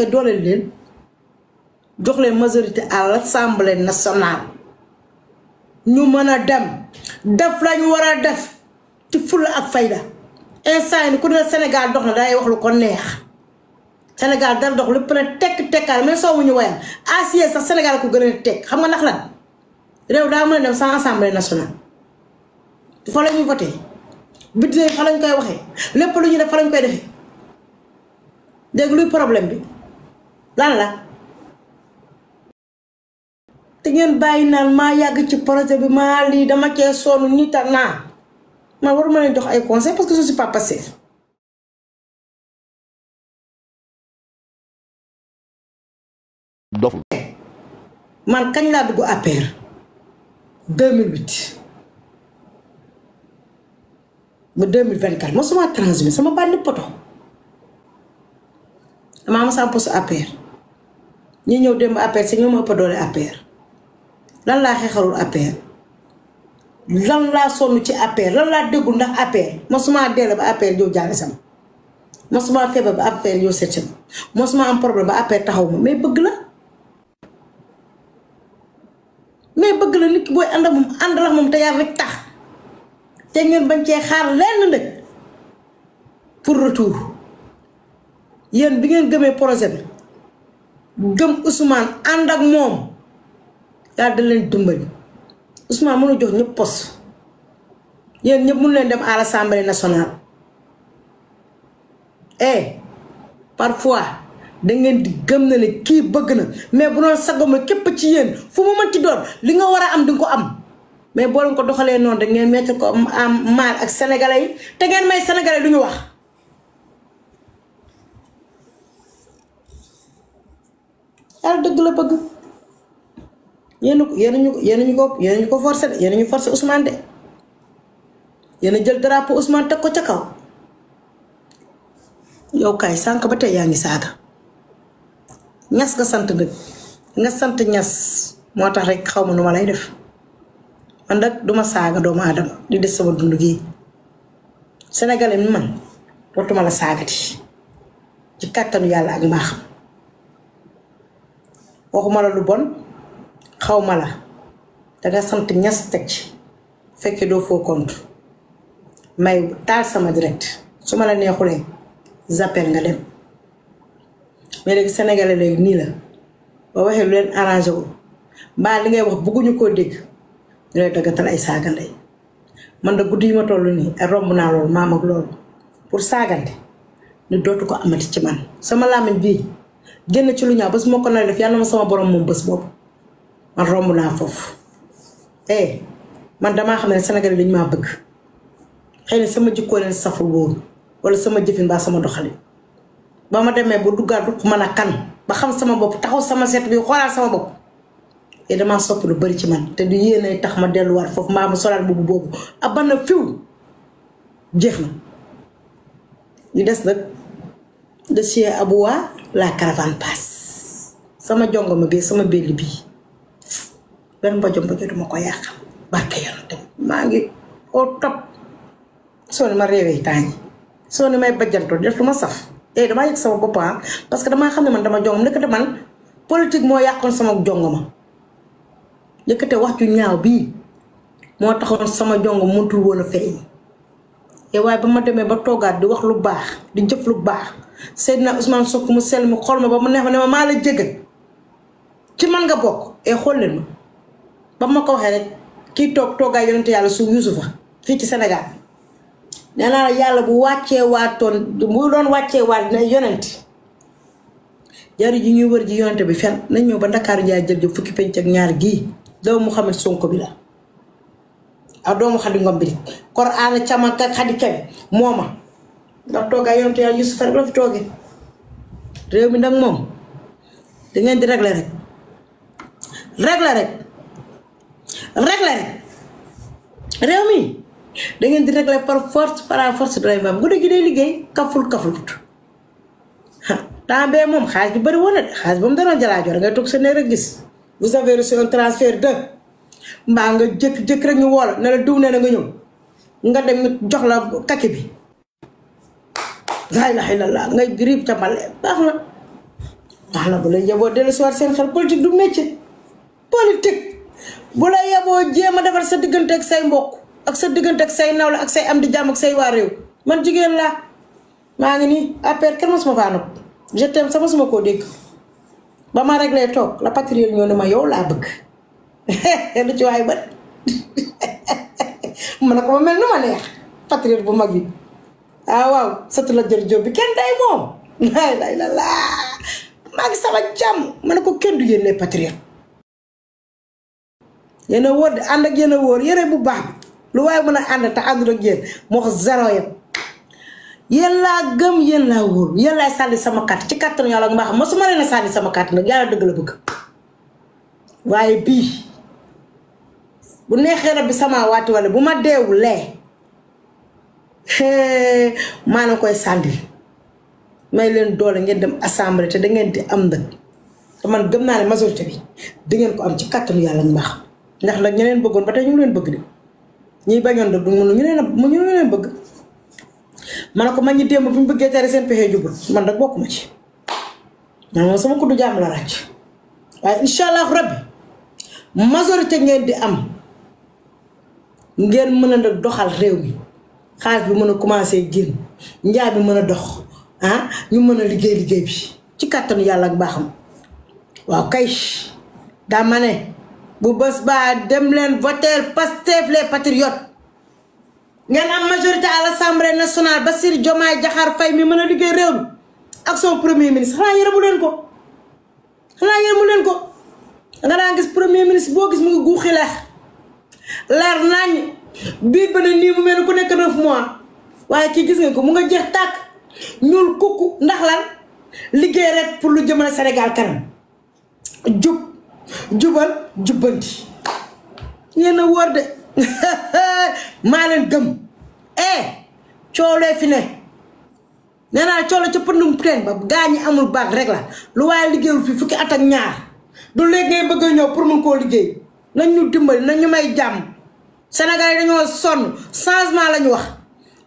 Euh, dooleel leen jox leen majorité à l'Assemblée nationale ñu mën a dem def lañu war a def ci fulla ak fayda instant yi ku ne Sénégal dox na day wax lu ko neex Sénégal dara dox lépp na tekk tekkaar mais soo wuñu wayal sax Sénégal ko gën a tekk xam nga ndax lan réew daa mën a dem sans assemblée nationale fa la ñuy voté budget fa lañ koy waxee lépp lu ñu def fa lañ koy defee dégg luy problème bi lan la te ngeen bàyyi naan maa yàgg ci projet bi maa lii dama cee sonn nit a naa man waruma leen jox ay conseil parce que je suis pas passif doful man kañ laa dugg APR 2008 ba 2024 mosuma transmis sama bànni poto dama am 100 pour ñu ñëw dem APR si ñoo ma ëpp doole APR lan laa xeexalul APR lan laa sonn ci APR lan laa déggul ndax APR mosuma deele ba APR yow jaale sama mosuma feebar ba APR yow seet sama mosuma am problème ba APR taxaw ma mais bëgg la mais bëgg la nit ki booy ànd ak moom ànd la moom te yar rek tax te ngeen bañ cee xaar lenn nag pour retour yéen bi ngeen gëmee projet bi gëm Ousmane ànd ak moom yàlla da leen dimbali Ousmane mënu jox ñëpp poste yéen ñëpp mun leen dem à national nationale eh parfois da ngeen di gëm na ne kii bëgg na mais bu doon ma képp ci yéen fu mu mën ci doon li nga war a am di ko am mais boo leen ko doxalee noonu da ngeen mettre ko am maal ak sénégalais yi te ngeen may sénégalais lu ñu wax yàlla dëgg la bëgg yéen ñu yéen ko yéen ko forcé yéen Ousmane de yéen jël drapeau Ousmane teg ko ca kaw yow kaay sànq ba tey yaa ngi saaga ñas nga sant nga sant ñas moo rek xaw ma lay def man nag duma saaga doomu aadama di des sama dund gi man la ci ak waxuma la lu bon xaw ma la danga sant ñas teg ci fekkee doo foo compte may taal sama direct su ma la neexulee zappel nga dem mais léegi sénégalais léegi nii la ba waxee lu leen arrangé wu mbaa li ngay wax bëgguñu koo dégg ñu lay daggatal ay saagandey man da guddi yi ma toll nii romb naa loolu maam ak loolu pour saagante ni dootu ko amati ci man sama làmmiñ bii génn ci lu ñaaw bés moo ko nar def yàlla ma sama borom moom bés boobu man romb naa foofu eh man damaa xam ne Sénégal yi dañu maa sama jikkoo leen wala sama jëfin sama doxalin ba ma demee ba duggaat mën a kan ba xam sama bopp taxaw sama set bi xoolaat sama bopp te eh, damaa sopp lu bari ci man te du yéene tax ma delluwaat foofu maa ma solaat boobu boobu ab ban fiw jeex na ñu des nag. de chez Aboua, la caravane passe. sama jongo ma bi sama belli bi ben mbojom ba joduma ko yakam barke yalla dem magi au top soni ma rewe tani soni may bajanto def saf eh dama yek sama bop ah, parce que dama xamne man dama jongom nek man politique mo yakon sama jongoma yëkëte wax ju ñaaw bi mo taxon sama jongom muntul wona feeñ e eh, way bama démé ba togaat di wax lu baax di jëf lu baax na Ousmane Sonko mu sell mu xool ma ba mu neex ma ne ma maa la jéggal ci man nga bokk e xool ma ba ma ko waxee rek kii toog toogaay yonente yàlla suuf Yuusufa fii ci Sénégal nee naa la yàlla bu wàccee waatoon bu doon wàccee waat ne yonente jaru ji ñuy wër ji yonente bi fen nañ ñëw ba Ndakaaru jaa jël jël fukki penc ñaar gi gii mu Mouhamed Sonko bi la ak doomu Xadi Ngom bi di Koraan Caman ak Xadi Kebe mooma ndax toogaay yonent yàlla Yuusufa rek la fi toogee réew mi nag moom da ngeen di régler rek régler rek régler rek réew mi da ngeen di régler par force par force doy maam nga gi day liggéey kaful kafulut temps bee moom xaalis bi bëri woon na de xaalis ba mu toog sa néeg rek gis vous avez reçu un transfert de mbaa nga jëkk jëkk rek ñu woola ne la diw ne na nga ñëw nga dem joxla la bi laa ngay grippe ca baax na baax na bu la yeboo dellu si waat seen xel politique du métier politique bu la yeboo jéem a defar sa diggante ak say mbokk ak sa diggante ak say nawle ak say am di jàmm ak say waa réew man jigéen laa maa ngi nii affaire kenn mosuma faa nopp je t'aime sama suma koo dégg ba ma rek toog la patriote ñoo ne ma yow laa bëgg lu ci waay ba mën na ko ma mel nu ma neex patriote bu mag bi ah waaw sët la jër jób bi kenn day moom laa lay la laa maa ngi sama jàmm ma ne ko kenn du yéen les patriotes yéen a wóor de ànd ak yéen a wóor yére bu baax bi lu waaye mën a ànd te àndul ak yéen moo ko zéro yëpp laa gëm yéen laa wóor yéen laay sànni sama carte ci kàttanu yàlla ak mbaax ma su ma leen a sànni sama carte nag yàlla dëgg la bëgg waaye bii bu neexee rab bi sama waati wala bu ma deewu lee maa na koy sànni may leen doole ngeen dem assemblée te da ngeen di am nag te man gëm naa ne majorité bi di ngeen ko am ci kattanu yàlla ñu baax ndax nag ñu leen bëggoon ba tey ñu ngi leen bëgg de ñiy bañoon du ñu leen ñu leen bëgg. ma ne ko man ñi démb bu ñu bëggee tere seen pexe jubul man nag bokk ma ci man moom sama kuddu jaam la ràcc waaye incha allah rabbi majorité ngeen di am ngeen mën a doxal réew mi. xaalis bi mëna commencé génn njaay bi mëna dox ah ñu mëna liggéey liggéey bi ci katanu yàlla ak baaxam waaw kay dama ne bu bés ba dem leen voter Pastef les patriotes ngeen am majorité à l'Assemblée nationale sir Diomaye jaxar fay mi mëna liggéey réew mi ak son premier ministre xanaa yërëmu leen ko xanaa yërëmu leen ko nga daan gis premier ministre boo gis mu ngi guuxi leer leer nañ biir ba ni mu mel ku nek 9 mois waye ki gis nga ko mu nga jeex tak ñul kuku ndax lan liggéey rek pour lu jëmale senegal kanam jub jubal jubbanti yéen wor de ma len gem eh coolee fi ne nena naa ci pundum pren ba gañi amul baat rek la lu waaye liggéeyul fi fukki at ak ñaar du léegi bëgg ñoo pour mu ko liggéey nañ ñu dimbal nañ ñu may jamm Sénégal yi dañoo sonn changement la wax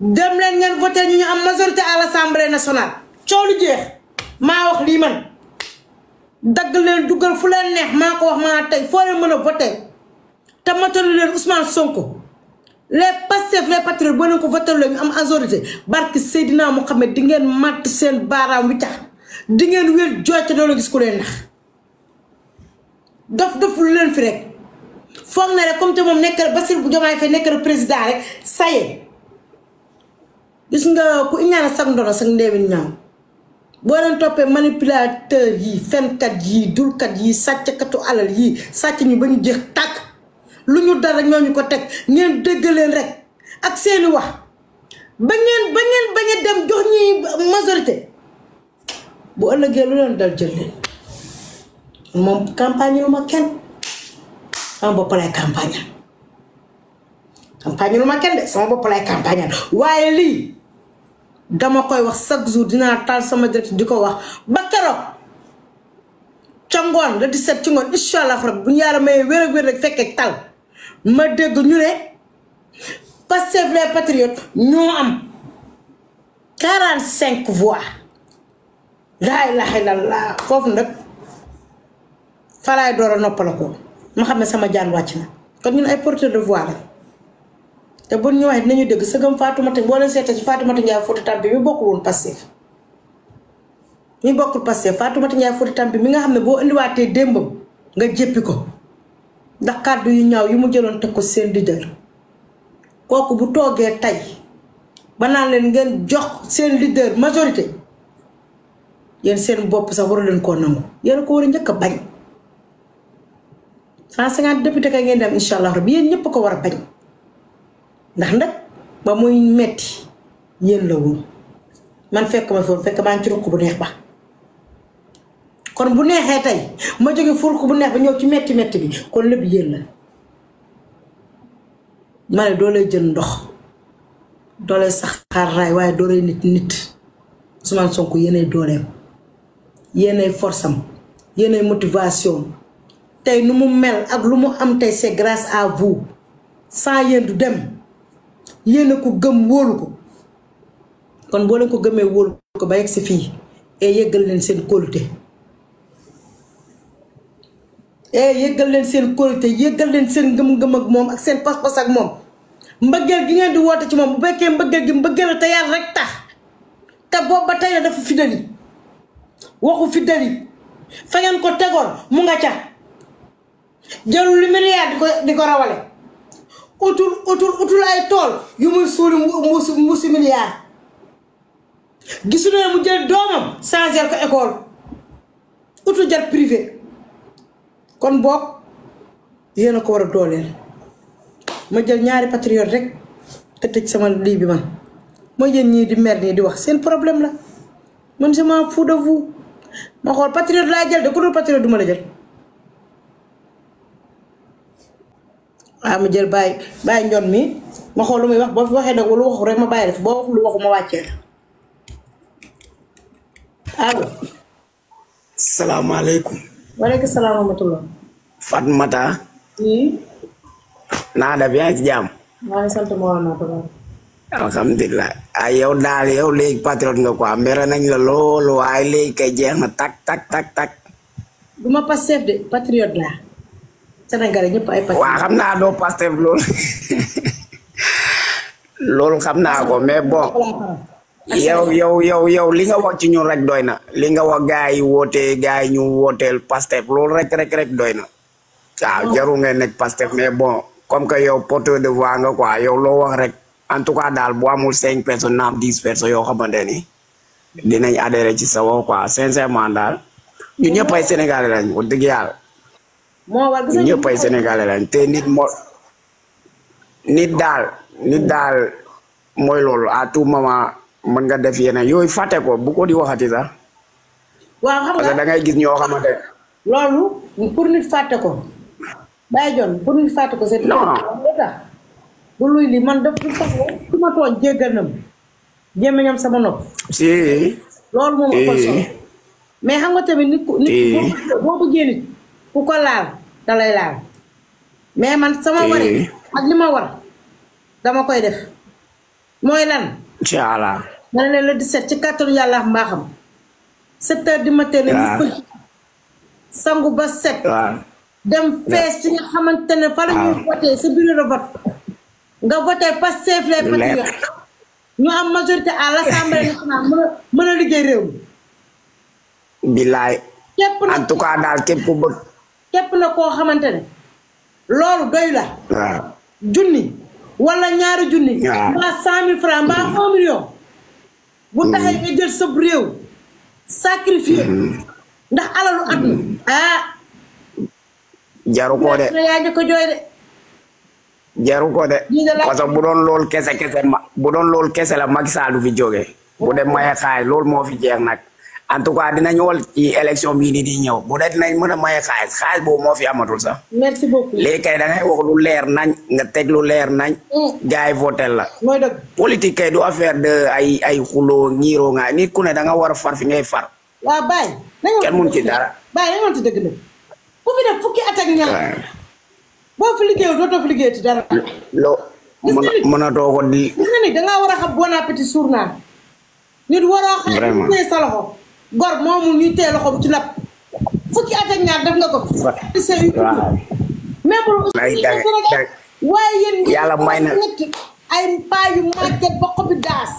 dem leen ngeen voté ñu ñu am majorité à l'Assemblée nationale coow lu jeex maa wax lii man dagg leen duggal fu leen neex maa ko wax maa tey foo leen mën a voté te matalu Sonko les Pastef les patriotes boo leen ko voté leen ñu am majorité barki Seydina Mohamed di ngeen màtt seen baaraam wi ca di ngeen wér jooyte doo la gis ku leen nax dof dof lu leen fi rek. foog na rek comme te moom nekk Bassirou Diomaye Faye nekk président rek saye gis nga ku iñaana sag ndono sag ndeewin ñaaw boo leen toppee manipulateur yi fenkat yi dulkat yi sàcckatu alal yi sàcc ñu ba ñu jeex tàkk lu ñu dara ñoo ñu ko teg ngeen dégg leen rek ak seeni wax ba ngeen ba ngeen bañ a dem jox ñi majorité bu ëllëgee lu leen dal jël leen moom campagne lu ma kenn sama bopp lay campagne lu ma kenn de sama bopp lay campagne waaye lii dama koy wax chaque jour dinaa taal sama direct di ko wax ba keroog ca ngoon di seet ci ngoon incha bu ñu yàlla mayee wér ak dégg ñu ne Pastef les patriotes ñoo foofu nag falaay door a noppala ma xam ne sama jaan wàcc na kon ñun ay porteur de voix la te bu ñu waxee dinañu dëgg sëgëm Fatoumata boo leen seetee ci Fatoumata Ndiaye Fouta Tampi mi bokkul woon Pastef mi bokkul Pastef Fatoumata Ndiaye Fouta Tampi mi nga xam ne boo indiwaatee démbam nga jéppi ko ndax kàddu yu ñaaw yu mu jëloon teg ko seen leader kooku bu toogee tay ba naan leen ngeen jox seen leader majorité yéen seen bopp sax waru leen koo nangu yéen ko war a njëkk a bañ. cent cinquante député kay ngeen dem incha allah rabbi yéen ñëpp ko war a bañ ndax nag ba muy metti yéen la woon man fekk ma foofu fekk maa ci ruq bu neex ba kon bu neexee tey ma jóge furuk bu neex ba ñëw ci metti metti bi kon lépp yéen la ma ne doo lay jël ndox doo lay saxaar raay waaye doo lay nit nit Ousmane Sonko yéenay dooleem yéenay force am motivation tey nu mu mel ak lu mu am tey c'est grâce à vous sans yéen du dem yéen a ko gëm wóolu ko kon boo leen ko gëmee wóolu ko ba yegg si fii e yëggal leen seen kóolute e yëggal leen seen kóolute yëggal leen seen ngëm-ngëm ak moom ak seen pas-pas ak moom mbëggeel gi ngeen di woote ci moom bu fekkee mbëggeel gi mbëggeel te yàlla rek tax te boobu ba tey la dafa fidèle waxu fidèle fa ngeen ko tegoon mu nga ca jël lu milliard ya, di diko rawale utul utul utul ay tol yu mu suri mbuusi mbuusi milliard ya. gisuna mu jël doomam changer ko école utul jar privé kon bok yéen ko wara a ma jël ñaari patriote rek te tej sama li bi man ma yeen ñi di mer ni di wax seen problème la man sama fou de vous ma xol patriote la jël de ko do patriote duma la jël waaw ah, jël bay bay ñon mi ma xol lu muy wax bo fi waxe nak lu waxu rek ma bayal la fi boo wax lu waxu ma wacce allo. salaamaaleykum. waaleykum salaam wa rahmatulah. Fatmata. yi na da ngi ci jam ma ngi sant mo wana ko Alhamdulillah ay ah, yow dal yow leg patriote nga quoi mere nañ la loolu waaye leg kay jeex na tak tak tak tak. duma pas chef de patriote la Sénégalais ñëpp xam naa doo Pastef loolu loolu xam naa ko mais bon. yow yow yow yow li nga wax ci ñun rek doy na. li nga wax gars yi woote gars yi ñu wooteel Pastef loolu rek rek rek doy na. waaw ah. jarul nga nekk Pastef mais bon comme que yow porteur de voix nga quoi yow loo wax rek en tout cas daal bu amul cinq personnes naam dix personnes yoo xamante ni dinañ adhéré ci sa wax quoi sincèrement daal ñu ñëpp ay Sénégalais lañ wax dëgg yàlla. moo war gis ñëpp ay sénégalais lañ té nit mo nit dal nit dal moy loolu à tout moment mën nga def yeneen yoy faté ko bu ko di waxati sax. wa xam nga da ngay gis ño xamanté loolu pour nit faté ko bay John pour nit faté ko. c'est non tax bu luy li man daf du sax su ma tooñ jégganam jéemeñam sama nopp. si. loolu mo ko mais xam nga tamit nit ko nit ko bo bu nit kuko laal dalay laal mais man sama wari ak lima war dama koy def moy lan incha allah dana le 17 ci kàttanu yàlla mbaa xam sept du matin la ah. sangu ba set ah. dem ah. fess ci nga xamantene fa la voter voté bureau de vote nga pas safe les petits ñu am majorité à l'Assemblée nationale mën a a liggéey en tout cas dal képp ku képp na koo xamante ne loolu doy la. junni wala ñaari junni. mbaa cent mille franc mbaa mm. un million. bu mm. taxee nga jël sa réew. sacrifié. Mm. ndax alalu at mi. ah. jaru ko de yaa ko jooy de. jaru ko de parce que bu doon lool kese kese ma bu doon lool kese la Macky Sall fi jóge bu dem maye xaay loolu moo fi jeex nag en tout cas dinañ wol ci élection mini ni di ñew bu dee dinañ mëna a maye xaal xaalis boobu moo fi amatul sax. merci beaucoup léegi kay da ngay wax lu leer nañ nga teg lu leer nañ. Mm. gaay voter la. moy dëgg politique kay du affaire de ay ay xulo ñiiroo nga nit ku ne da nga wara far fi ngay far. bay nañu kenn mun ci dara bay nañu ci wante dëgg nag ku fi def fukki atak ñaan bo fi liggéey do do fi liggéey ci dara. lo mëna do ko di. gis nga ni da nga wara xam bon appétit suur nit wara xam. ci sa loxo gor momu ñuy té loxom ci nap fukki at ak ñaar def nga ko même waaw waaye yéen yàlla may na ay payu market bokku bi das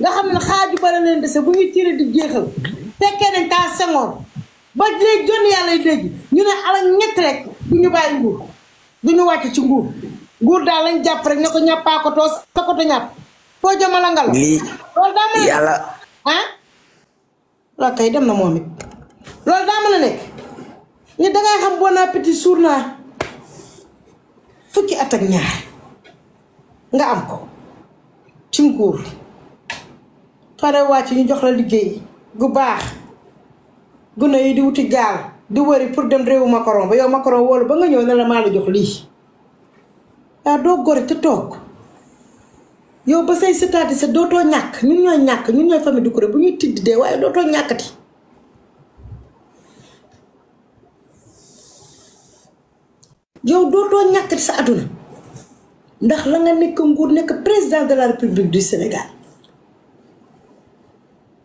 nga xamne xaju bala len de se bu ñu tire di jexal tekke nañ ta sengoor ba lay jonne yalla dégg ñu ne ala ñet rek bu ñu bàyyi nguur bu ñu wacc ci nguur nguur da lañ japp rek ne ko ñàppaa ko toos sa ko ñàpp foo jëmala nga la loolu daa loolu kay dem na moom it loolu daa mën a nekk ñu dangay xam bon appétit suur naa fukki at ak ñaar nga am ko ci nguur pare wàcc ñu jox la liggéey gu baax gune yi di wuti gaal di wëri pour dem réew Macron ba yow Macron wóolu ba nga ñëw ne la maa la jox lii waaw doo gori te toog yow ba say sëtaat yi sa dootoo ñàkk ñun ñoy ñak ñun ñoy fami du ko re bu ñu tidd de way doto ñakati yow doto ñakati sa aduna ndax la nga nek nguur nek president de la republique du Sénégal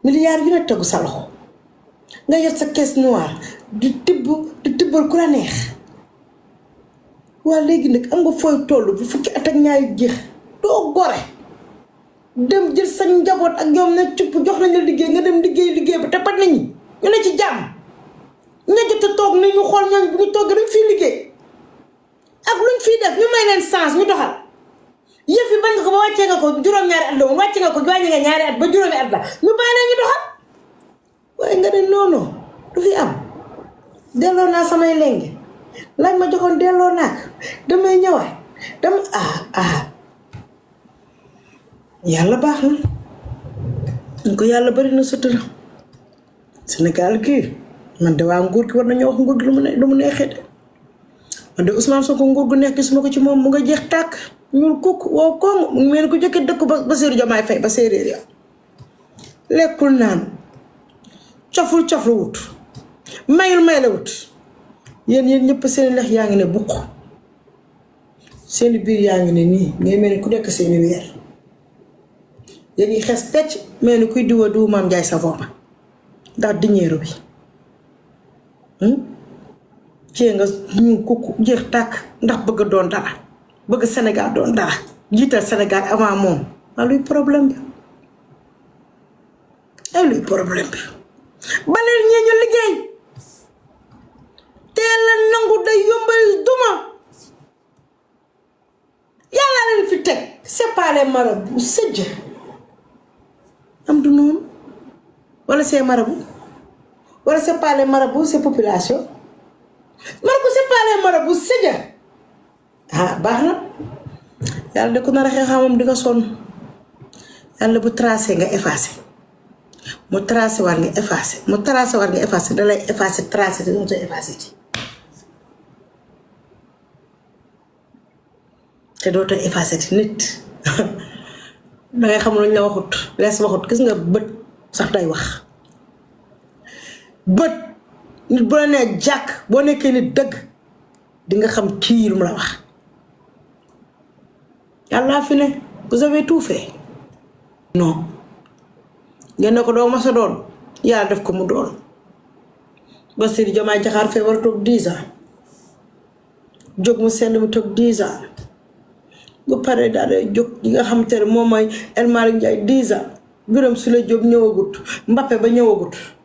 milliard yu ne tagu sa loxo nga yott sa caisse noire du tibb du tibbal ku la neex wa léegi nak am nga foy tollu bu fukki atak ñaay jeex do gore dem jël sa njaboot ak ñoom ne cupp jox nañ la liggéey nga dem liggéey liggéey ba te pat nañ ñi ñu ne ci jàmm ña jot a toog nañu xool ñooñu toog dañ fii liggéey ak luñ fii def ñu may nga ko ba wàccee nga ko juróom ko wàññi nga ba juróomi at la ñu bàyyi nga ne noonu du fi samay lenge lañ ma joxoon delloo naak damay ñëwaat dama ah, ah. yalla bax na dañ ko yàlla bari na sutura senegal ki man de wa ngor ki war na wax ngor lu mu ne lu mu neexee de man de Ousmane Sonko ngor gu nekk gisuma ko ci mom mu nga jeex tak ñul kuk wo ko mu meen ko jëkkee dekk ba seru jomay fay ba séeréer ya lekul naan coful coful wut mayul mayle wut yéen yéen ñepp seen lex yaangi ngi ne bukk seen biir yaangi ne ni ngay mel ku nekk seen wer dañuy xes tecc mais ni kuy diwa diw maam Njaay Savon ba ndax diñeeru bi cee hmm? nga ñu ku jeex tàkk ndax bëgg doon dara bëgg Sénégal doon dara jiital Sénégal avant moom a luy problème bi ay luy problème bi baleel ñee ñu liggéey teel la nangu day yombal duma yàlla leen fi teg c'est pas les marabouts wala c'est marabout wala c'est pas les marabouts c'est population marabout c'est pas les marabouts c'est ja ah baax na yàlla di ko nar a xeexamam di nga sonn yàlla bu tracé nga effacé mu tracé war nga effacé mu tracé war nga effacé da lay effacé tracé te dootoo effacé ci te dootoo effacé ci nit da nga xam lu ñu la waxut les waxut gis nga beut sax day wax bët nit bu la jàkk boo nekkee nit dëgg di nga xam kii lu mu la wax yàllaa fi ne vous avez tout fait ngeen ne ko doo masa doon yàlla def ko mu doon Bassirou Diomaye Diakhar Faye war a toog 10 jóg mu sell mu toog 10 ans bu paree daal jóg yi nga xam te ne moom mooy El Malick Ndiaye 10 ans gërëm su la Jóob ñëwagut Mbappé ba ñëwagut